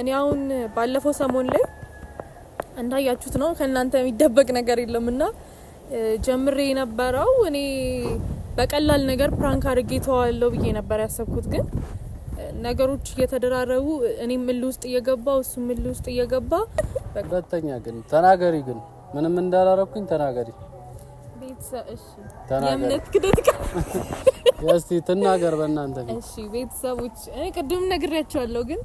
እኔ አሁን ባለፈው ሰሞን ላይ እንዳያችሁት ነው ከእናንተ የሚደበቅ ነገር የለም እና ጀምሬ የነበረው እኔ በቀላል ነገር ፕራንክ አድርጌ ተዋለው ብዬ ነበር ያሰብኩት። ግን ነገሮች እየተደራረቡ እኔም ምል ውስጥ እየገባ እሱም ምል ውስጥ እየገባ ሁለተኛ ግን ተናገሪ፣ ግን ምንም እንዳላረኩኝ ተናገሪ። ቤተሰብ እሺ፣ ትናገር በእናንተ ቤተሰቦች ቅድም ነግሬያቸዋለሁ ግን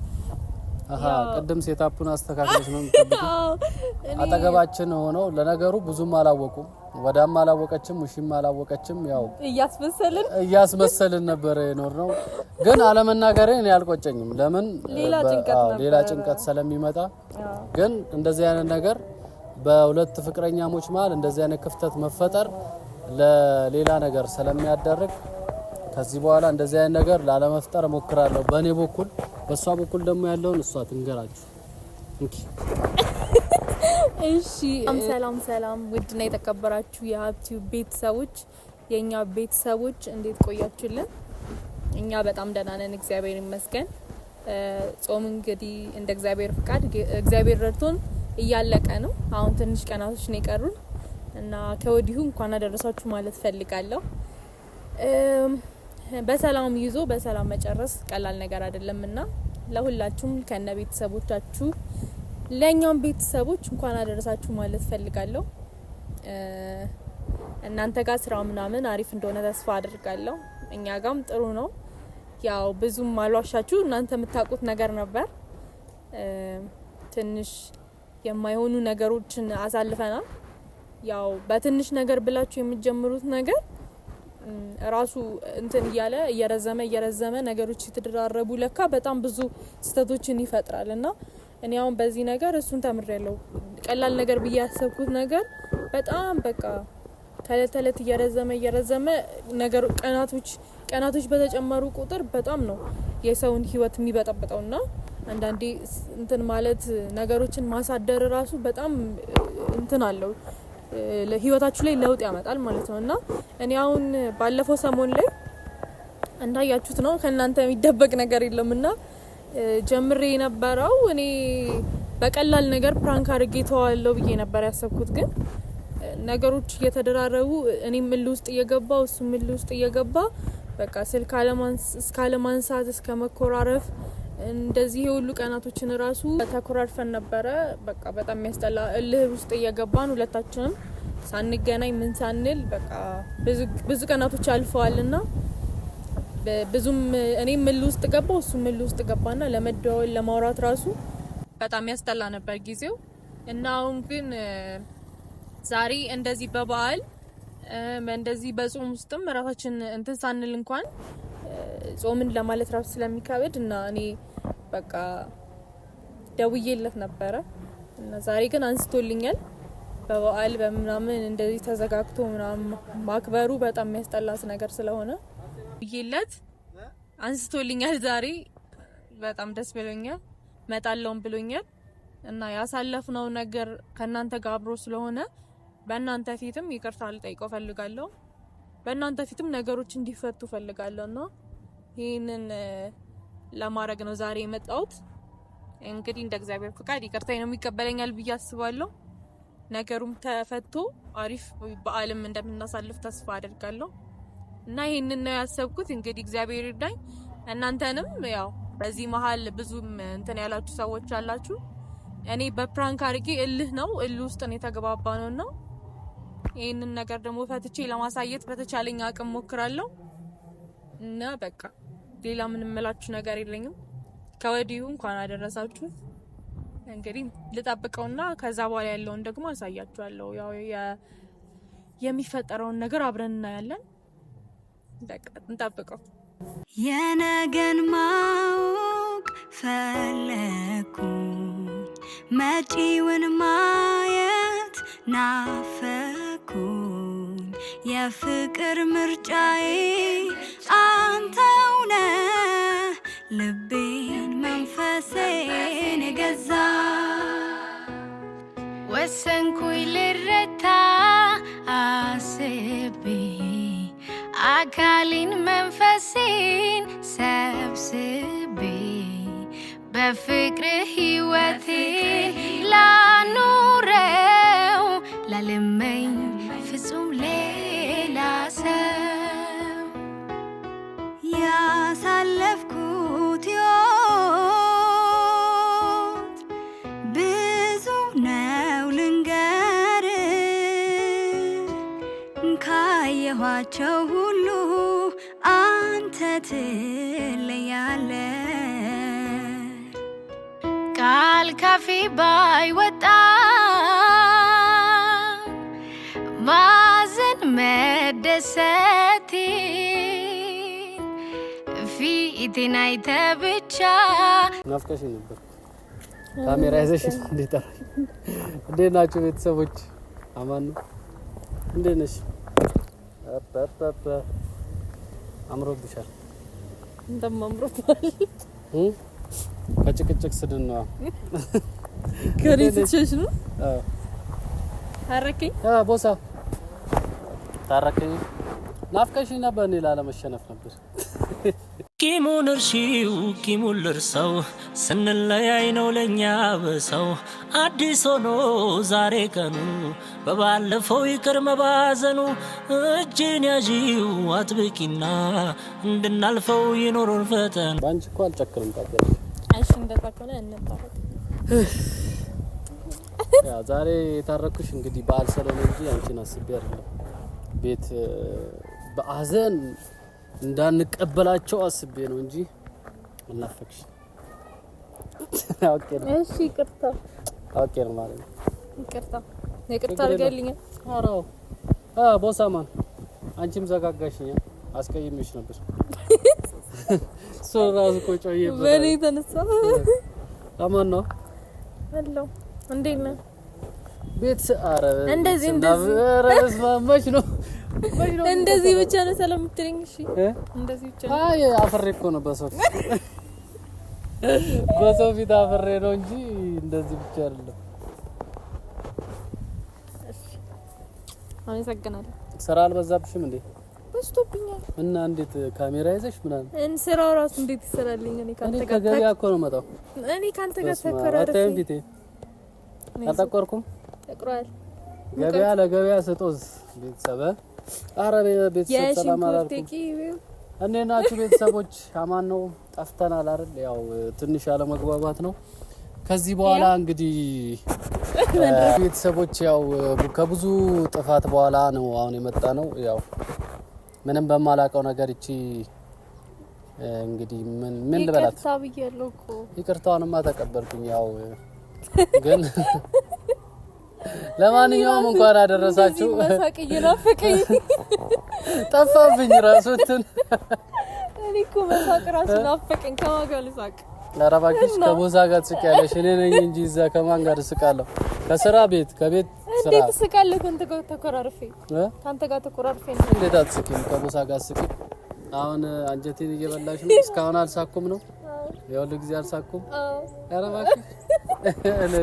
ቅድም ሴታፑን አስተካክለች ነው አጠገባችን ሆነው። ለነገሩ ብዙም አላወቁም፣ ወዳም አላወቀችም፣ ውሽም አላወቀችም። ያው እያስመሰልን እያስመሰልን ነበረ የኖር ነው። ግን አለመናገሬ እኔ አልቆጨኝም። ለምን ሌላ ጭንቀት ስለሚመጣ። ግን እንደዚህ አይነት ነገር በሁለት ፍቅረኛሞች መሀል እንደዚህ አይነት ክፍተት መፈጠር ለሌላ ነገር ስለሚያደርግ። ከዚህ በኋላ እንደዚህ አይነት ነገር ላለመፍጠር እሞክራለሁ በእኔ በኩል። በእሷ በኩል ደግሞ ያለውን እሷ ትንገራችሁ። እሺ። ሰላም ሰላም፣ ውድና የተከበራችሁ የሀብቲው ቤተሰቦች፣ የእኛ ቤተሰቦች እንዴት ቆያችሁልን? እኛ በጣም ደህና ነን፣ እግዚአብሔር ይመስገን። ጾም እንግዲህ እንደ እግዚአብሔር ፍቃድ እግዚአብሔር ረድቶን እያለቀ ነው። አሁን ትንሽ ቀናቶች ነው የቀሩን እና ከወዲሁ እንኳን አደረሳችሁ ማለት ፈልጋለሁ። በሰላም ይዞ በሰላም መጨረስ ቀላል ነገር አይደለም እና ለሁላችሁም ከነ ቤተሰቦቻችሁ ለእኛም ቤተሰቦች እንኳን አደረሳችሁ ማለት ፈልጋለሁ። እናንተ ጋር ስራው ምናምን አሪፍ እንደሆነ ተስፋ አድርጋለሁ። እኛ ጋም ጥሩ ነው። ያው ብዙም አልዋሻችሁ፣ እናንተ የምታውቁት ነገር ነበር። ትንሽ የማይሆኑ ነገሮችን አሳልፈናል። ያው በትንሽ ነገር ብላችሁ የምትጀምሩት ነገር ራሱ እንትን እያለ እየረዘመ እየረዘመ ነገሮች የተደራረቡ ለካ በጣም ብዙ ስህተቶችን ይፈጥራል። እና እኔ አሁን በዚህ ነገር እሱን ተምሬያለሁ። ቀላል ነገር ብዬ ያሰብኩት ነገር በጣም በቃ ከእለት ተእለት እየረዘመ እየረዘመ ነገር ቀናቶች ቀናቶች በተጨመሩ ቁጥር በጣም ነው የሰውን ህይወት የሚበጠብጠው እና አንዳንዴ እንትን ማለት ነገሮችን ማሳደር ራሱ በጣም እንትን አለው ህይወታችሁ ላይ ለውጥ ያመጣል ማለት ነው እና እኔ አሁን ባለፈው ሰሞን ላይ እንዳያችሁት ነው ከእናንተ የሚደበቅ ነገር የለም እና ጀምሬ የነበረው እኔ በቀላል ነገር ፕራንክ አድርጌ ተዋለው ብዬ ነበር ያሰብኩት ግን ነገሮች እየተደራረቡ እኔም እል ውስጥ እየገባ እሱም እል ውስጥ እየገባ በቃ ስልክ እስከ አለማንሳት እስከ መኮራረፍ እንደዚህ የሁሉ ቀናቶችን ራሱ ተኮራርፈን ነበረ። በቃ በጣም የሚያስጠላ እልህ ውስጥ እየገባን ሁለታችንም ሳንገናኝ ምን ሳንል በቃ ብዙ ቀናቶች አልፈዋል ና ብዙም እኔም ምል ውስጥ ገባ እሱ ምል ውስጥ ገባና ለመደዋወል ለማውራት ራሱ በጣም ያስጠላ ነበር ጊዜው እና አሁን ግን ዛሬ እንደዚህ በበዓል እንደዚህ በጾም ውስጥም ራሳችን እንትን ሳንል እንኳን ጾምን ለማለት ራሱ ስለሚከብድ እና እኔ በቃ ደውዬለት ነበረ እና ዛሬ ግን አንስቶልኛል። በበዓል በምናምን እንደዚህ ተዘጋግቶ ምናምን ማክበሩ በጣም የሚያስጠላት ነገር ስለሆነ ደውዬለት አንስቶልኛል። ዛሬ በጣም ደስ ብሎኛል። መጣለውን ብሎኛል እና ያሳለፍነው ነገር ከእናንተ ጋር አብሮ ስለሆነ በእናንተ ፊትም ይቅርታ ልጠይቀው ፈልጋለሁ። በእናንተ ፊትም ነገሮች እንዲፈቱ ፈልጋለሁ እና ይህንን ለማድረግ ነው ዛሬ የመጣሁት። እንግዲህ እንደ እግዚአብሔር ፍቃድ ነው ይቀበለኛል ብዬ አስባለሁ። ነገሩም ተፈቶ አሪፍ በዓልም እንደምናሳልፍ ተስፋ አደርጋለሁ እና ይህንን ነው ያሰብኩት። እንግዲህ እግዚአብሔር ይርዳኝ። እናንተንም ያው በዚህ መሀል ብዙም እንትን ያላችሁ ሰዎች አላችሁ። እኔ በፕራንክ አድርጌ እልህ ነው እልህ ውስጥ ነው የተገባባ ነው እና ይህንን ነገር ደግሞ ፈትቼ ለማሳየት በተቻለኝ አቅም ሞክራለሁ እና በቃ ሌላ ምንም ነገር የለኝም። ከወዲሁ እንኳን አደረሳችሁ። እንግዲህ ልጠብቀውና ከዛ በኋላ ያለውን ደግሞ አሳያችኋለሁ። ያው የሚፈጠረውን ነገር አብረን እናያለን። በቃ እንጠብቀው። የነገን ማወቅ ፈለኩ፣ መጪውን ማየት ናፈኩ ፍቅር ምርጫዬ አንተው ነህ ልቤን መንፈሴን የገዛ ወሰንኩኝ ልረታ አስቤ አካሌን መንፈሴን ሰብስቤ በፍቅር ሕይወቴ ላኑረው ላልመኝ ትለያለ ቃል ካፌ ባይወጣ ማዘን መደሰቴ ፊቴን አይተ ብቻ ናፍቀሽ ነበር። ካሜራ ይዘሽ እንዴት ጠራሽ? እንዴት ናችሁ ቤተሰቦች? አማን ነው። እንዴት ነሽ? አምሮብሻል። እንደማምሮት ማለት ከጭቅጭቅ ስድን ነው። ከሪ ትችሽ ነው ታረከኝ። አዎ ቦሳ ታረከኝ። ናፍቀሽኝ ነበር። እኔ ላለመሸነፍ ነበር ቂሙን እርሺው ቂሙን ልርሰው ስንለያይ ነው ለእኛ በሰው አዲስ ሆኖ ዛሬ ቀኑ በባለፈው ይቅር መባዘኑ እጅን ያዢው አጥብቂና እንድናልፈው ይኖሩን ፈተን በአንቺ እኮ አልጨክልም። እሺ እንደታከለ እንታረቅ። ዛሬ የታረኩሽ እንግዲህ በዓል ስለሆነ እንጂ አንቺን አስቤ አይደለም ቤት በአዘን እንዳንቀበላቸው አስቤ ነው እንጂ እናፈክሽ። ኦኬ ነው። እሺ ይቅርታ። ኦኬ ነው ማለት ነው። ይቅርታ ይቅርታ አድርገልኛል። ኧረ አዎ ቦሳማን፣ አንቺም ዘጋጋሽኛ፣ አስቀይሜሽ ነበር። ሶራ እራሱ እኮ ጮዬበት በእኔ አማን ነው አለው። እንዴት ነህ? ቤት አረ እንደዚህ እንደዚህ ኧረ መስማማች ነው እንደዚህ ብቻ ነው ሰላም የምትለኝ? እሺ እንደዚህ ብቻ ነው። አይ አፈሬ እኮ ነው በሰው በሰው ፊት አፈሬ ነው እንጂ እንደዚህ ብቻ አይደለም። አመሰግናለሁ። ስራ አልበዛብሽም እንዴ? በዝቶብኛል። እና እንዴት ካሜራ ይዘሽ ምናምን? እን ስራው ራሱ እንዴት ይሰራልኝ? እኔ ካንተ ጋር ከገበያ እኮ ነው መጣው። እኔ ካንተ ጋር ተከራረ አታይም? ፊቴ አልጠቆርኩም? ጠቁሯል። ገበያ ለገበያ ስጦዝ ቤተሰብ አረ ቤተሰብ ሰላም አላልኩም። እንዴት ናችሁ ቤተሰቦች? አማን ነው። ጠፍተናል አይደል? ያው ትንሽ ያለመግባባት ነው። ከዚህ በኋላ እንግዲህ ቤተሰቦች ያው ከብዙ ጥፋት በኋላ ነው አሁን የመጣ ነው። ያው ምንም በማላውቀው ነገር እቺ እንግዲህ ምን ምን ልበላት፣ ይቅርታዋንማ ተቀበልኩኝ። ያው ግን ለማንኛውም እንኳን አደረሳችሁ። ጠፋብኝ ራሱ እንትን እኔ መሳቅ ራሱ ናፈቀኝ። ከማን ጋር ልሳቅ? ለራባኪሽ ጋር ትስቂያለሽ? እኔ ነኝ እንጂ እዛ ከማን ጋር እስቃለሁ? ከስራ ቤት ከቤት ስራ እንዴት እስቃለሁ? ከአንተ ጋር ተኮራርፌ ከአንተ ጋር ተኮራርፌ እንዴት አትስቂም? ጋር ስቂ። አሁን አንጀቴን እየበላሽ ነው። እስካሁን አልሳኩም ነው የሁሉ ጊዜ አልሳኩም። ለራባኪሽ እኔ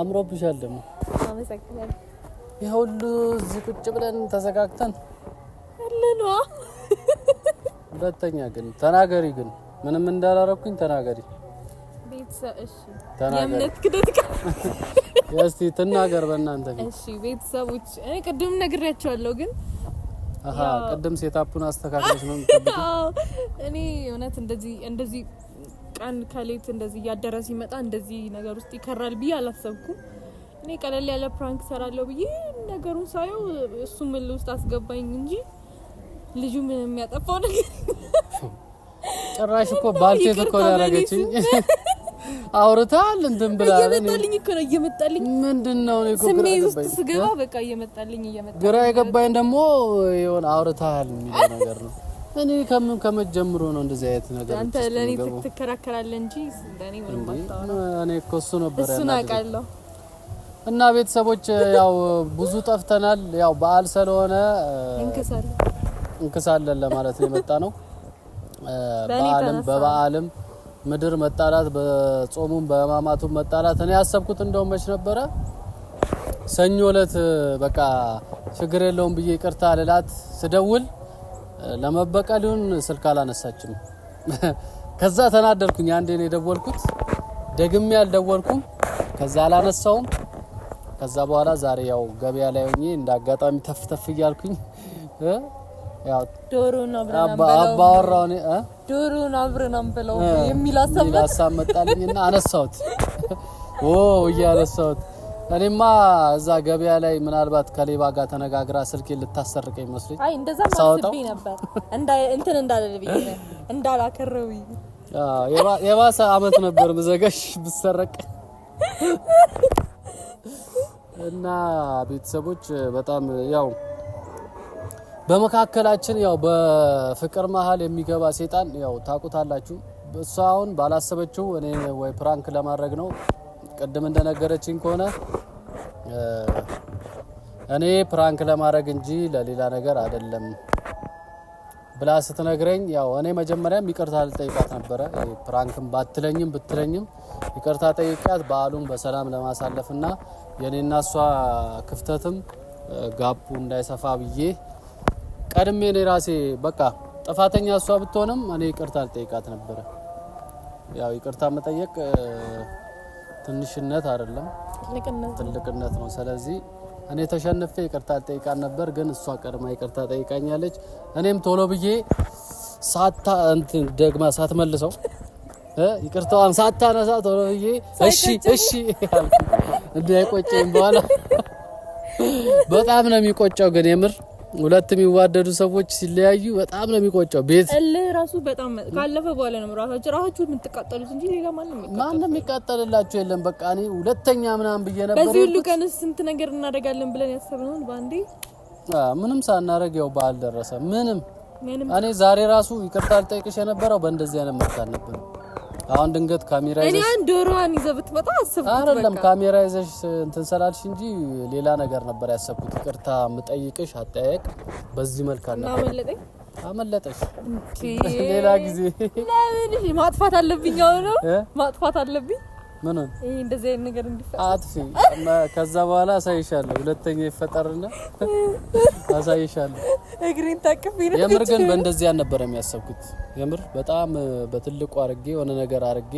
አምሮብሻል። ደግሞ አመሰግናለሁ። የሁሉ እዚህ ቁጭ ብለን ተዘጋግተን አለኗ። ሁለተኛ ግን ተናገሪ፣ ግን ምንም እንዳላረኩኝ ተናገሪ። ቤተሰብ እሺ፣ የእምነት እስቲ ትናገር በእናንተ ቤተሰቦች፣ ቅድም ነግሬያቸዋለሁ ግን ቅድም ሴታፑን አስተካክለሽ ነው። እኔ እውነት እንደዚህ እንደዚህ ቀን ከሌት እንደዚህ እያደረ ሲመጣ እንደዚህ ነገር ውስጥ ይከራል ብዬ አላሰብኩም። እኔ ቀለል ያለ ፕራንክ ሰራለሁ ብዬ ነገሩን ሳየው እሱ ምል ውስጥ አስገባኝ እንጂ ልጁ ምን የሚያጠፋው ነገር ጭራሽ እኮ ባልቴት እኮ ያደረገችኝ አውርታል እንትን ብላ እየመጣልኝ እኮ ነው እየመጣልኝ ምንድን ነው ስሜ ውስጥ ስገባ በቃ እየመጣልኝ እየመጣልኝ ግራ የገባኝ ደግሞ የሆነ አውርታል የሚለው ነገር ነው። እኔ ከምን ከመጀምሮ ነው እንደዚህ አይነት ነገር አንተ ለኔ ትከራከራለህ እንጂ እንደኔ ምንም አታወራም። እኔ እኮ እሱ ነበር እሱን አውቃለሁ። እና ቤተሰቦች ያው ብዙ ጠፍተናል። ያው በዓል ስለሆነ እንክሳለን እንክሳለን ለማለት ነው የመጣ ነው። በዓልም በበዓልም ምድር መጣላት፣ በጾሙም በሕማማቱም መጣላት። እኔ ያሰብኩት እንደውም መች ነበረ ሰኞ ዕለት በቃ ችግር የለውም ብዬ ቅርታ ልላት ስደውል ለመበቀል ይሁን ስልክ አላነሳችም። ከዛ ተናደርኩኝ። አንዴ ነው የደወልኩት፣ ደግሜ አልደወልኩም። ከዛ አላነሳውም። ከዛ በኋላ ዛሬ ያው ገበያ ላይ ሆኜ እንደ አጋጣሚ ተፍ ተፍ እያልኩኝ ያው ዶሮ ነው አብረን አንበላው የሚል አሳብ መጣልኝና አነሳሁት። ኦ እያነሳሁት እኔማ እዛ ገበያ ላይ ምናልባት ከሌባ ጋር ተነጋግራ ስልኬን ልታሰርቀኝ መስሎኝ። አይ እንደዛ ማስብ ነበር እንዳ እንትን እንዳልልብኝ እንዳላከረው የባሰ አመት ነበር ምዘገሽ ብሰረቅ እና ቤተሰቦች በጣም ያው በመካከላችን ያው በፍቅር መሀል የሚገባ ሴጣን ያው ታውቁታላችሁ። እሷ አሁን ባላሰበችው እኔ ወይ ፕራንክ ለማድረግ ነው ቅድም እንደነገረችኝ ከሆነ እኔ ፕራንክ ለማድረግ እንጂ ለሌላ ነገር አይደለም ብላ ስትነግረኝ፣ ያው እኔ መጀመሪያም ይቅርታ ልጠይቃት ነበረ። ፕራንክም ባትለኝም ብትለኝም ይቅርታ ጠይቃት በዓሉን በሰላም ለማሳለፍና የኔና እሷ ክፍተትም ጋቡ እንዳይሰፋ ብዬ ቀድሜ እኔ ራሴ በቃ ጥፋተኛ እሷ ብትሆንም እኔ ይቅርታ ልጠይቃት ነበረ። ያው ይቅርታ መጠየቅ ትንሽነት አይደለም ትልቅነት ነው። ስለዚህ እኔ ተሸንፌ ይቅርታ ጠይቃን ነበር፣ ግን እሷ ቀድማ ይቅርታ ጠይቃኛለች። እኔም ቶሎ ብዬ ሳታ እንትን ደግማ ሳትመልሰው ይቅርታዋን ሳታነሳ ቶሎ ብዬ እሺ እሺ እንዲህ አይቆጨኝ በኋላ በጣም ነው የሚቆጨው ግን የምር ሁለት የሚዋደዱ ሰዎች ሲለያዩ በጣም ነው የሚቆጨው። ቤት ራሱ በጣም ካለፈ በኋላ ነው ራሳችሁ ራሳችሁ የምትቃጠሉት እንጂ ሌላ ማንም ማንም የሚቃጠልላችሁ የለም። በቃ እኔ ሁለተኛ ምናምን ብዬ ነበር። በዚህ ሁሉ ቀን ስንት ነገር እናደርጋለን ብለን ያሰብነውን በአንዴ ምንም ሳናደርግ ያው በዓል ደረሰ። ምንም እኔ ዛሬ ራሱ ይቅርታ ልጠይቅሽ የነበረው በእንደዚህ አይነት መልክ አልነበረም። አሁን ድንገት ካሜራ ይዘሽ እኔ ዶሮዋን ይዘህ ብትመጣ አሰብኩት። አይደለም ካሜራ ይዘሽ እንትን ሰላልሽ እንጂ ሌላ ነገር ነበር ያሰብኩት። ይቅርታ የምጠይቅሽ አጠያየቅ በዚህ መልክ አልነበረ። አመለጠኝ አመለጠሽ። ሌላ ጊዜ ለምን ማጥፋት አለብኝ? አሁን ማጥፋት አለብኝ ምን ይሄ እንደዚህ አይነት ነገር እንዲፈጠር አጥፊ እና ከዛ በኋላ አሳይሻለሁ። ሁለተኛ ይፈጠርና አሳይሻለሁ። እግሬን የምር ግን በእንደዚህ ያልነበረ የሚያሰብኩት የምር በጣም በትልቁ አርጌ የሆነ ነገር አርጌ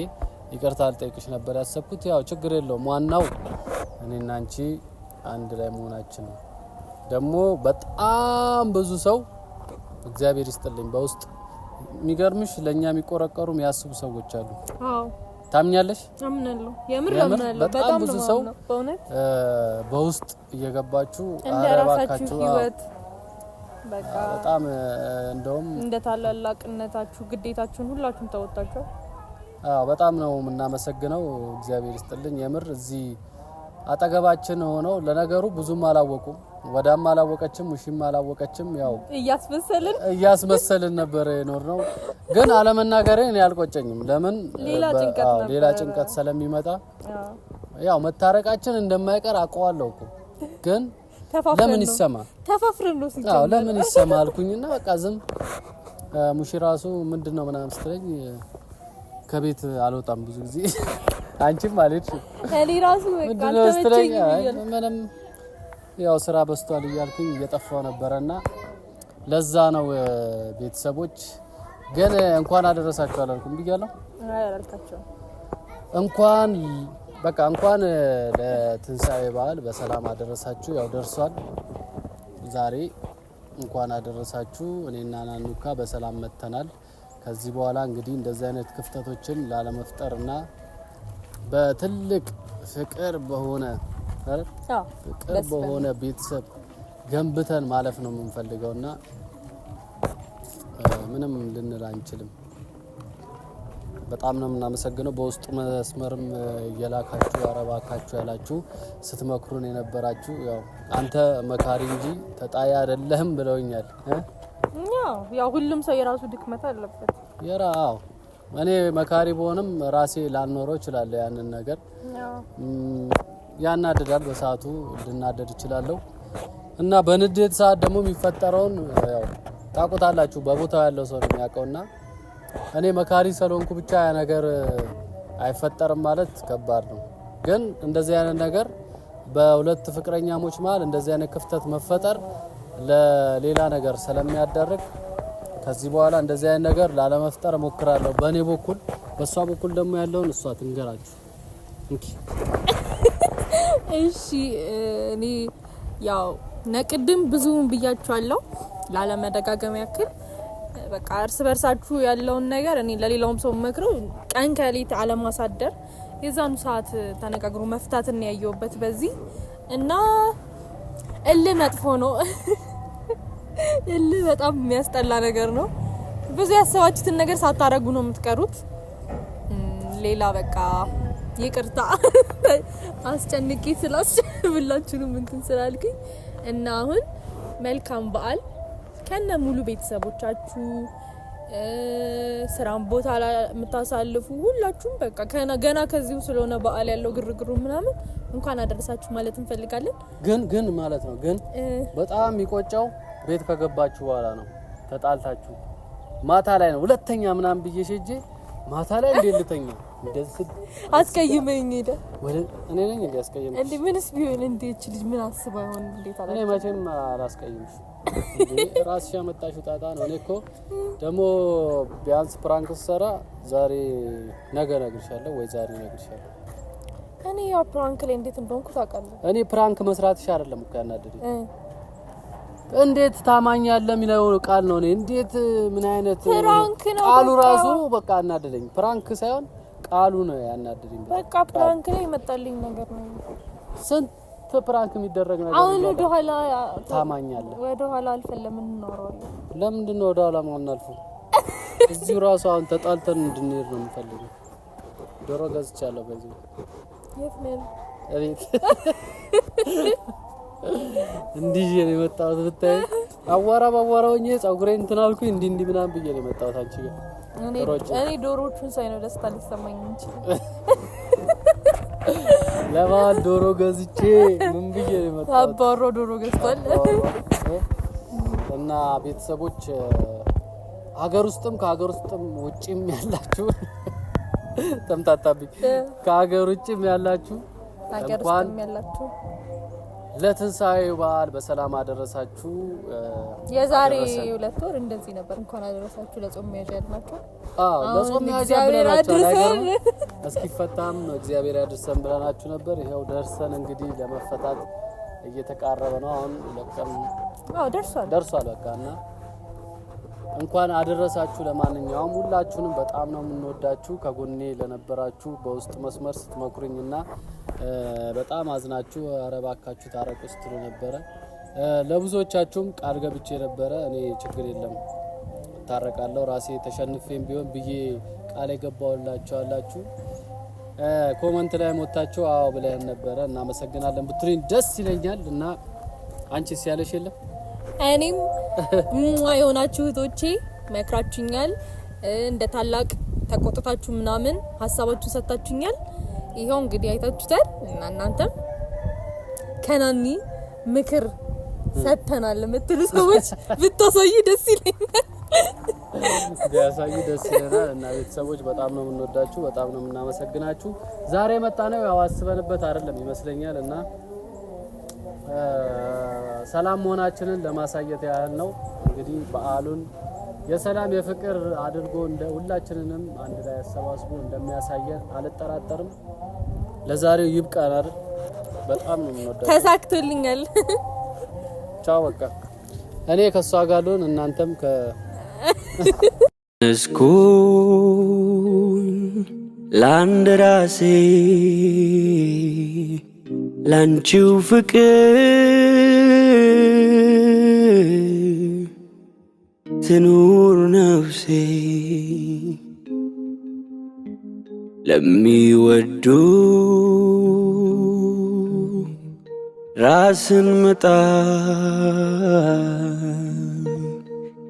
ይቅርታ አልጠይቅሽ ነበር ያሰብኩት። ያው ችግር የለውም ዋናው እኔና አንቺ አንድ ላይ መሆናችን ነው። ደግሞ በጣም ብዙ ሰው እግዚአብሔር ይስጥልኝ በውስጥ የሚገርምሽ ለእኛ የሚቆረቀሩ የሚያስቡ ሰዎች አሉ። ታምኛለሽ? አምናለሁ። የምር በጣም ብዙ ሰው በውስጥ እየገባችሁ አረባካችሁ ህይወት በጣም እንደውም እንደ ታላላቅነታችሁ ግዴታችሁን ሁላችሁም ተወጣችሁ። አዎ በጣም ነው የምናመሰግነው። እግዚአብሔር ይስጥልኝ። የምር እዚህ አጠገባችን ሆነው ለነገሩ ብዙም አላወቁም ወዳም አላወቀችም፣ ውሽም አላወቀችም። ያው እያስመሰልን እያስመሰልን ነበር የኖር ነው። ግን አለመናገሬ እኔ አልቆጨኝም። ለምን ሌላ ጭንቀት ስለሚመጣ ያው መታረቃችን እንደማይቀር አውቀዋለሁ እኮ ግን ለምን ይሰማ ተፋፍረን ነው ሲጫወት አዎ፣ ለምን ይሰማ አልኩኝና በቃ ዝም ሙሽ ራሱ ምንድነው ምናምን ስትለኝ ከቤት አልወጣም ብዙ ጊዜ አንቺም ማለት እኔ ራሱ በቃ ምንም ያው ስራ በስቷል እያልኩኝ እየጠፋው ነበረና ለዛ ነው ቤተሰቦች። ግን እንኳን አደረሳችሁ አላልኩም ብያለሁ። እንኳን በቃ እንኳን ለትንሳኤ በዓል በሰላም አደረሳችሁ። ያው ደርሷል ዛሬ። እንኳን አደረሳችሁ። እኔና ናኑካ በሰላም መጥተናል። ከዚህ በኋላ እንግዲህ እንደዚህ አይነት ክፍተቶችን ላለመፍጠርና በትልቅ ፍቅር በሆነ ፍቅር በሆነ ቤተሰብ ገንብተን ማለፍ ነው የምንፈልገው እና ምንም ልንል አንችልም። በጣም ነው የምናመሰግነው። በውስጡ መስመርም እየላካችሁ አረባካችሁ ያላችሁ ስትመክሩን የነበራችሁ ያው አንተ መካሪ እንጂ ተጣይ አይደለህም ብለውኛል። ያው ሁሉም ሰው የራሱ ድክመት አለበት። የራ እኔ መካሪ በሆንም ራሴ ላኖረው እችላለሁ ያንን ነገር ያናደዳል። በሰዓቱ ልናደድ እችላለሁ እና በንዴት ሰዓት ደግሞ የሚፈጠረውን ያው ታውቁታላችሁ፣ በቦታው ያለው ሰው ነው የሚያውቀውና እኔ መካሪ ስለሆንኩ ብቻ ያ ነገር አይፈጠርም ማለት ከባድ ነው። ግን እንደዚህ አይነት ነገር በሁለት ፍቅረኛሞች መሀል እንደዚህ አይነት ክፍተት መፈጠር ለሌላ ነገር ስለሚያደርግ ከዚህ በኋላ እንደዚህ አይነት ነገር ላለመፍጠር እሞክራለሁ በእኔ በኩል። በእሷ በኩል ደግሞ ያለውን እሷ ትንገራችሁ። እሺ እኔ ያው ነቅድም ብዙም ብያችኋለሁ ላለመደጋገም ያክል በቃ እርስ በርሳችሁ ያለውን ነገር እኔ ለሌላውም ሰው መክረው ቀን ከሌት አለማሳደር የዛኑ ሰዓት ተነጋግሮ መፍታት እንያየውበት በዚህ እና እል መጥፎ ነው። እል በጣም የሚያስጠላ ነገር ነው። ብዙ ያሰባችሁትን ነገር ሳታረጉ ነው የምትቀሩት። ሌላ በቃ ይቅርታ አስጨንቄ ስላስብላችሁንም እንትን ስላልኩኝ እና አሁን መልካም በዓል ከነ ሙሉ ቤተሰቦቻችሁ ስራም ቦታ የምታሳልፉ ሁላችሁም በቃ ገና ከዚሁ ስለሆነ በዓል ያለው ግርግሩ ምናምን እንኳን አደረሳችሁ ማለት እንፈልጋለን። ግን ግን ማለት ነው ግን በጣም የሚቆጨው ቤት ከገባችሁ በኋላ ነው ተጣልታችሁ ማታ ላይ ነው ሁለተኛ ምናምን ብዬ ሸጄ ማታ ላይ እንዴት ልተኛ? እንደዚህ አስቀይመኝ ሄደ። ወደ እኔ ነኝ እንዴ አስቀይመኝ እንዴ? ምንስ ቢሆን እንዴ እቺ ልጅ ምን አስባ ይሆን? እንዴት አላ እኔ መቼም አላስቀይምሽ። ራስሽ ያመጣሽው ጣጣ ነው። እኔ እኮ ደግሞ ቢያንስ ፕራንክ ሰራ ዛሬ ነገ እነግርሻለሁ ወይ ዛሬ እነግርሻለሁ። እኔ ያው ፕራንክ ላይ እንዴት እንደሆንኩ ታውቃለህ። እኔ ፕራንክ መስራትሽ አይደለም እኮ ያናደደኝ እንዴት ታማኝ ያለ የሚለው ቃል ነው። እኔ እንዴት ምን አይነት ፕራንክ ነው ቃሉ ራሱ በቃ አናደደኝ። ፕራንክ ሳይሆን ቃሉ ነው ያናደደኝ። በቃ ፕራንክ ላይ የመጣልኝ ነገር ነው። ስንት ፕራንክ የሚደረግ ነገር አሁን ወደ ኋላ ያለ ወደ ኋላ አልፈን ለምን እንኖረዋለን? ለምንድን ነው ወደ ኋላ ማናልፉ? እዚሁ ራሱ አሁን ተጣልተን እንድንሄድ ነው የምፈልገው። ዶሮ ገዝቻለሁ። በዚህ የት ነው? እቤት እንዲህ ነው የመጣሁት። ብታይ አዋራ ባዋራውኝ ጸጉሬን እንትን አልኩኝ። እንዲህ እንዲህ ምናምን ብዬ ነው የመጣሁት አንቺ ጋር። እኔ ዶሮቹን ሳይ ነው ደስታ ሊሰማኝ እንችል ለማን ዶሮ ገዝቼ ምን ብዬ ነው የመጣሁት። አባሮ ዶሮ ገዝቷል። እና ቤተሰቦች ሀገር ውስጥም ከሀገር ውስጥም ውጭም ያላችሁ ተምታታብኝ። ከሀገር ውጭም ያላችሁ ውስጥም ያላችሁ ለትንሣኤው በዓል በሰላም አደረሳችሁ። የዛሬ ሁለት ወር እንደዚህ ነበር። እንኳን አደረሳችሁ ለጾም መያዣ ያድናችሁ። አዎ ለጾም መያዣ ብለናችሁ እስኪፈታም እግዚአብሔር ያድርሰን ብለናችሁ ነበር። ይኸው ደርሰን እንግዲህ ለመፈታት እየተቃረበ ነው። አሁን ለቀም አዎ ደርሷል፣ ደርሷል በቃ እና እንኳን አደረሳችሁ። ለማንኛውም ሁላችሁንም በጣም ነው የምንወዳችሁ። ከጎኔ ለነበራችሁ በውስጥ መስመር እና በጣም አዝናችሁ አረባካችሁ ታረቁ ስትሉ ነበረ። ለብዙዎቻችሁም ቃል ገብቼ ነበረ። እኔ ችግር የለም እታረቃለሁ ራሴ ተሸንፌም ቢሆን ብዬ ቃል የገባውላችሁ አላችሁ። ኮመንት ላይ ሞታችሁ አዎ ብለህን ነበረ። እናመሰግናለን ብትሪን ደስ ይለኛል እና አንቺ ሲያለሽ የለም እኔም ሟ የሆናችሁ እህቶቼ መክራችሁኛል። እንደ ታላቅ ተቆጥታችሁ ምናምን ሀሳባችሁ ሰጥታችሁኛል። ይኸው እንግዲህ አይታችሁታል እና እናንተም ከናኒ ምክር ሰጥተናል የምትሉ ሰዎች ብታሳዩ ደስ ይለኛል። ቢያሳዩ ደስ ይለናል። እና ቤተሰቦች በጣም ነው የምንወዳችሁ፣ በጣም ነው የምናመሰግናችሁ። ዛሬ መጣ ነው ያው አስበንበት አይደለም ይመስለኛል እና ሰላም መሆናችንን ለማሳየት ያህል ነው። እንግዲህ በዓሉን የሰላም የፍቅር አድርጎ እንደ ሁላችንንም አንድ ላይ አሰባስቦ እንደሚያሳየን አልጠራጠርም። ለዛሬው ይብቃናል። በጣም ነው የምንወደው። ተሳክቶልኛል። ቻው በቃ እኔ ከእሷ ጋር ልሆን እናንተም ከ እስኩን ለአንድ ራሴ ላንቺው ፍቅር ትኑር ነፍሴ ለሚወዱ ራስን መጣ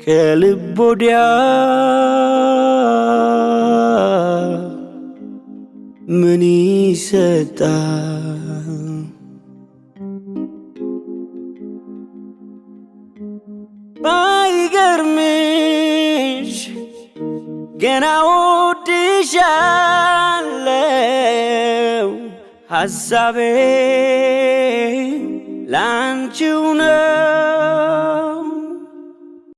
ከልብ ወዲያ ምን ይሰጣል? ባይገርምሽ ገና ወድሻለው ሐሳቤ ላንቺው ነው